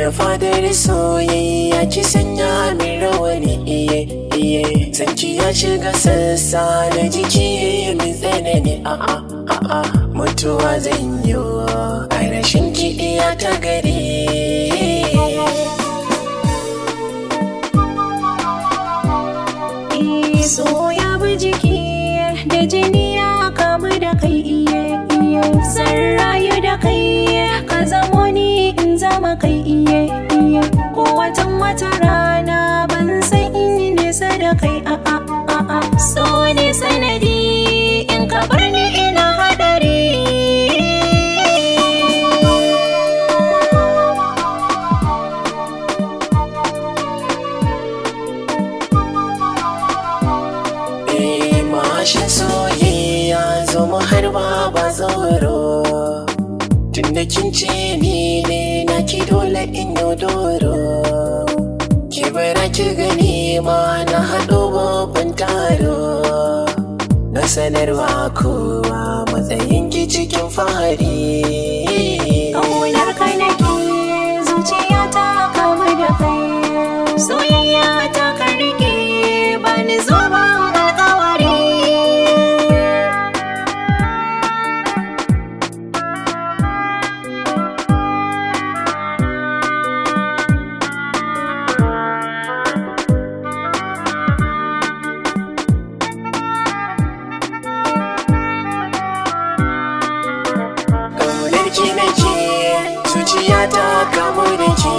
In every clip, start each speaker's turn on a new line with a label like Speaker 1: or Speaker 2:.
Speaker 1: na fadar soyayya ci sanya min rawani iye iye sanci ya shiga sassa na jiki mai tsanani a a a a mutuwa zan yi a
Speaker 2: rashin kiɗi ta gari so ya jiki da jini ya kamu da kai iye iye zan da kai wata rana ban san in nisa da kai a a a a so ne sanadi in ka bar ni ina hadari
Speaker 1: eh, Mashin soyayya zama har ba ba zauro Tunda kin ce ni ne na dole in doro bara ki gani ma na haɗo babban taro na sanarwa kowa matsayin ki cikin fahari ki zuciya ta kamu da ke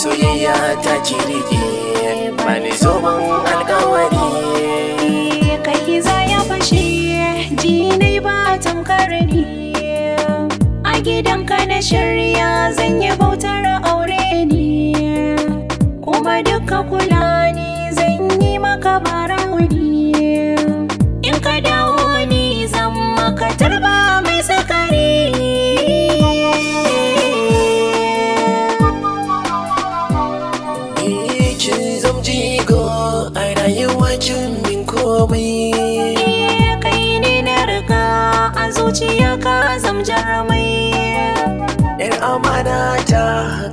Speaker 1: soyayya ta ki rike zoben alkawari
Speaker 2: kai ya fashe ji ba tamkar ni a gidanka na shirya zai
Speaker 1: a rayuwar min komai kai ne na riga a zuciya ka zam mai. yar amana ta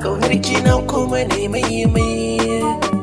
Speaker 1: kaunar kina kuma ne mai mai